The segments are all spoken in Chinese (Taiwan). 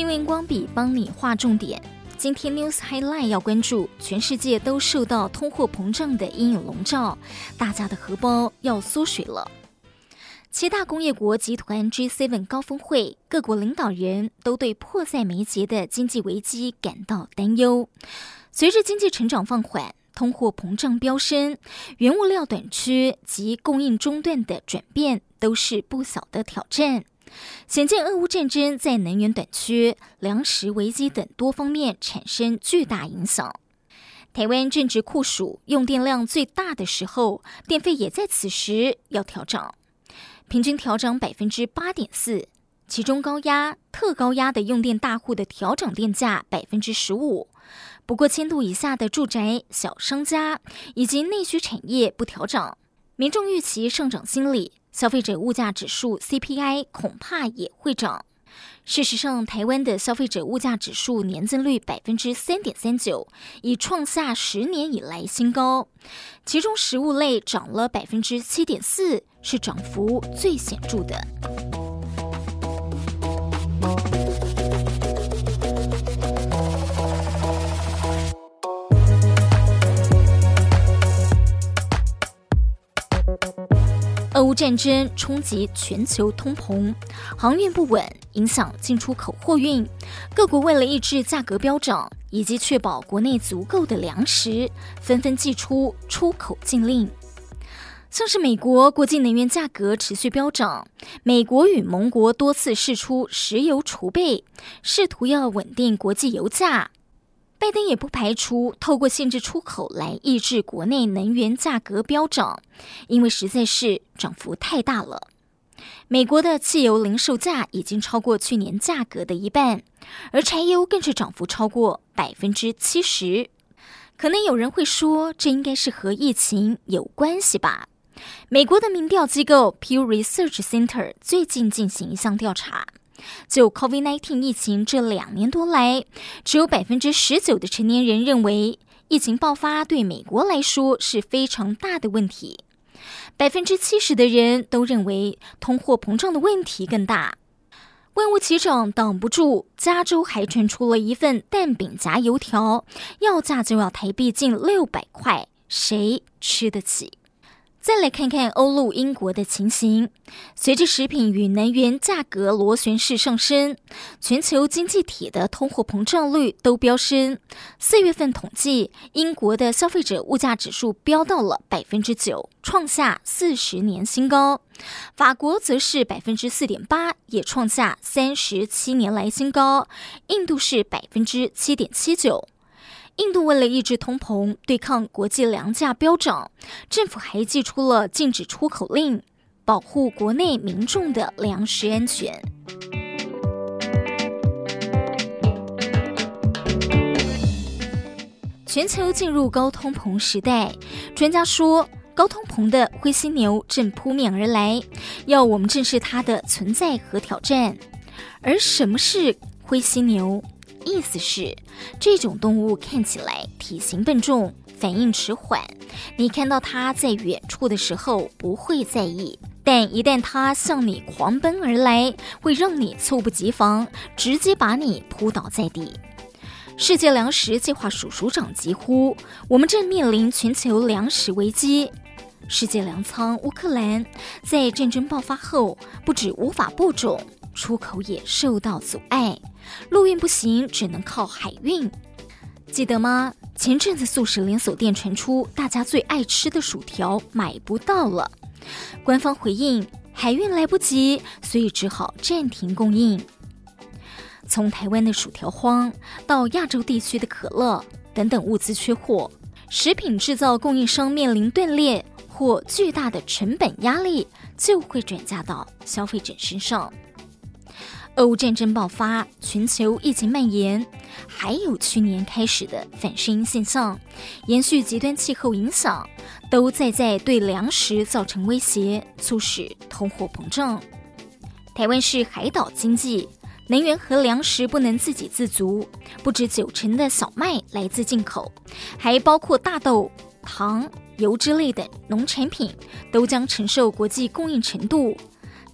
心聞螢光筆幫你畫重點。今天 news highlight 要關注，全世界都受到通貨膨脹的陰影籠罩，大家的荷包要縮水了。七大工業國集團 G7 高峰會，各國領導人都對迫在眉睫的經濟危機感到擔憂。隨着經濟成長放緩、通貨膨脹飆升、原物料短缺及供應中斷的轉變，都是不小的挑戰。顯見俄烏戰爭在能源短缺、糧食危機等多方面產生巨大影響。台灣正值酷暑，用電量最大的時候，電費也在此時要調整，平均調漲百分之八點四，其中高壓、特高壓的用電大戶的調整電價百分之十五。不過，千度以下的住宅、小商家以及內需產業不調整，民眾預期上漲心理。消費者物價指數 CPI 恐怕也會漲。事實上，台灣的消費者物價指數年增率百分之三點三九，已創下十年以來新高。其中，食物類漲了百分之七點四，是漲幅最顯著的。戰爭衝擊全球通膨，航運不穩影響進出口貨運。各國為了抑制價格飆漲，以及確保國內足夠的糧食，紛紛祭出出口禁令。像是美國國際能源價格持續飆漲，美國與盟國多次釋出石油儲備，試圖要穩定國際油價。拜登也不排除透過限制出口來抑制國內能源價格飆漲，因為實在是漲幅太大了。美國的汽油零售價已經超過去年價格的一半，而柴油更是漲幅超過百分之七十。可能有人會說，這應該是和疫情有關係吧？美國的民調機構 Pew Research Center 最近進行一項調查。就 COVID-19 疫情這兩年多來，只有百分之十九的成年人認為疫情爆發對美國來說是非常大的問題，百分之七十的人都認為通貨膨脹的問題更大。萬物齊漲，擋不住。加州還傳出了一份蛋餅夾油條，要價就要台幣近六百塊，誰吃得起？再來看看歐陸英國的情形。隨着食品與能源價格螺旋式上升，全球經濟體的通貨膨脹率都飆升。四月份統計，英國的消費者物價指數飆到了百分之九，創下四十年新高；法國則是百分之四點八，也創下三十七年來新高；印度是百分之七點七九。印度為了抑制通膨、對抗國際糧價飆漲，政府還祭出了禁止出口令，保護國內民眾的糧食安全。全球進入高通膨時代，專家說高通膨的灰犀牛正撲面而來，要我們正視它的存在和挑戰。而什麼是灰犀牛？意思是，這種動物看起來體型笨重，反應遲緩。你看到它在遠處的時候不會在意，但一旦它向你狂奔而來，會讓你猝不及防，直接把你撲倒在地。世界糧食計劃署署長疾呼：“我們正面臨全球糧食危機。”世界糧倉烏克蘭，在戰爭爆發後，不止無法播種。出口也受到阻礙，陸運不行，只能靠海運。記得嗎？前陣子，速食連鎖店傳出大家最愛吃的薯條買不到了，官方回應海運來不及，所以只好暫停供應。從台灣的薯條荒到亞洲地區的可樂等等物資缺貨，食品製造供應商面臨斷裂或巨大的成本壓力，就會轉嫁到消費者身上。俄烏戰爭爆發，全球疫情蔓延，還有去年開始的反聖嬰現象，延續極端氣候影響，都在在對糧食造成威脅，促使通貨膨脹。台灣是海島經濟，能源和糧食不能自給自足，不止九成的小麥來自進口，還包括大豆、糖、油之類的農產品，都將承受國際供應程度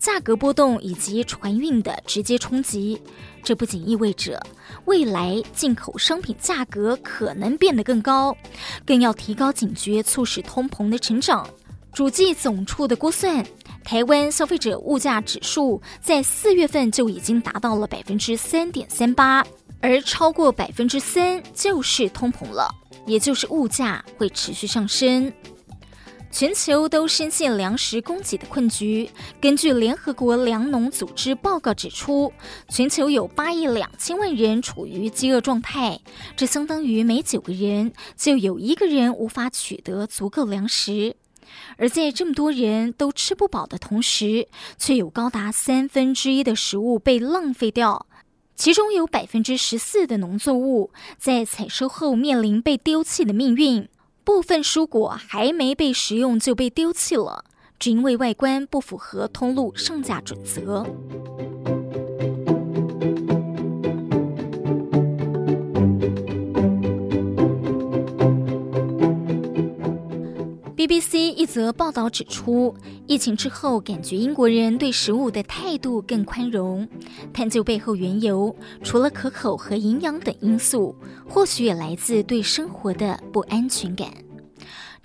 價格波動以及船運的直接衝擊，這不僅意味着未來進口商品價格可能變得更高，更要提高警覺，促使通膨的成長。主計總處的估算，台灣消費者物價指數在四月份就已經達到了百分之三點三八，而超過百分之三就是通膨了，也就是物價會持續上升。全球都深陷糧食供給的困局。根據聯合國糧農組織報告指出，全球有八億兩千萬人處於飢餓狀態，這相當於每九個人就有一個人無法取得足夠糧食。而在這麼多人都吃不飽的同時，卻有高達三分之一的食物被浪費掉，其中有百分之十四的農作物在採收後面臨被丟棄的命運。部分蔬果還沒被食用就被丟棄了，只因為外觀不符合通路上架準則。BBC 一則報道指出，疫情之後，感覺英國人對食物的態度更寬容。探究背後緣由，除了可口和營養等因素，或許也來自對生活的不安全感。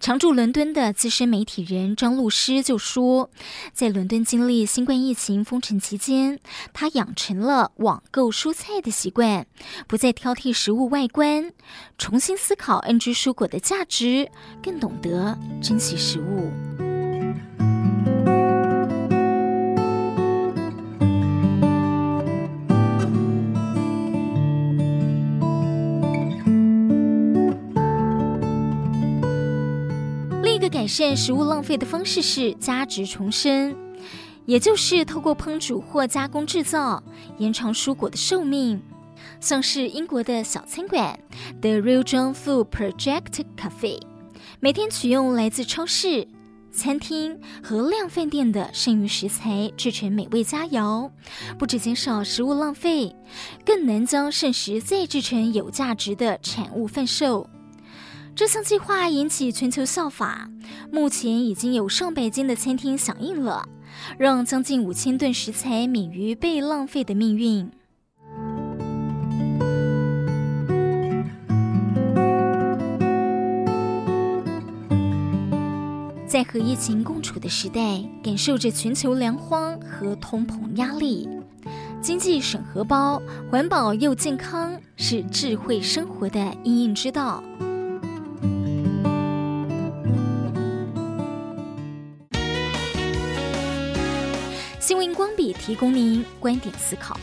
常駐倫敦的資深媒體人張露詩就說，在倫敦經歷新冠疫情封城期間，他養成了網購蔬菜的習慣，不再挑剔食物外觀，重新思考 NG 蔬果的價值，更懂得珍惜食物。減食物浪費的方式是加值重生，也就是透過烹煮或加工制造，延長蔬果的壽命。像是英國的小餐館 The Real Junk Food Project Cafe，每天取用來自超市、餐廳和量販店的剩餘食材，制成美味佳餚，不只減少食物浪費，更能將剩食再制成有價值的產物販售。這項計劃引起全球效法，目前已經有上百間的餐廳響應了，讓將近五千噸食材免於被浪費的命運。在和疫情共處的時代，感受着全球糧荒和通膨壓力，經濟省荷包、環保又健康，是智慧生活的因應之道。比提供您觀點思考。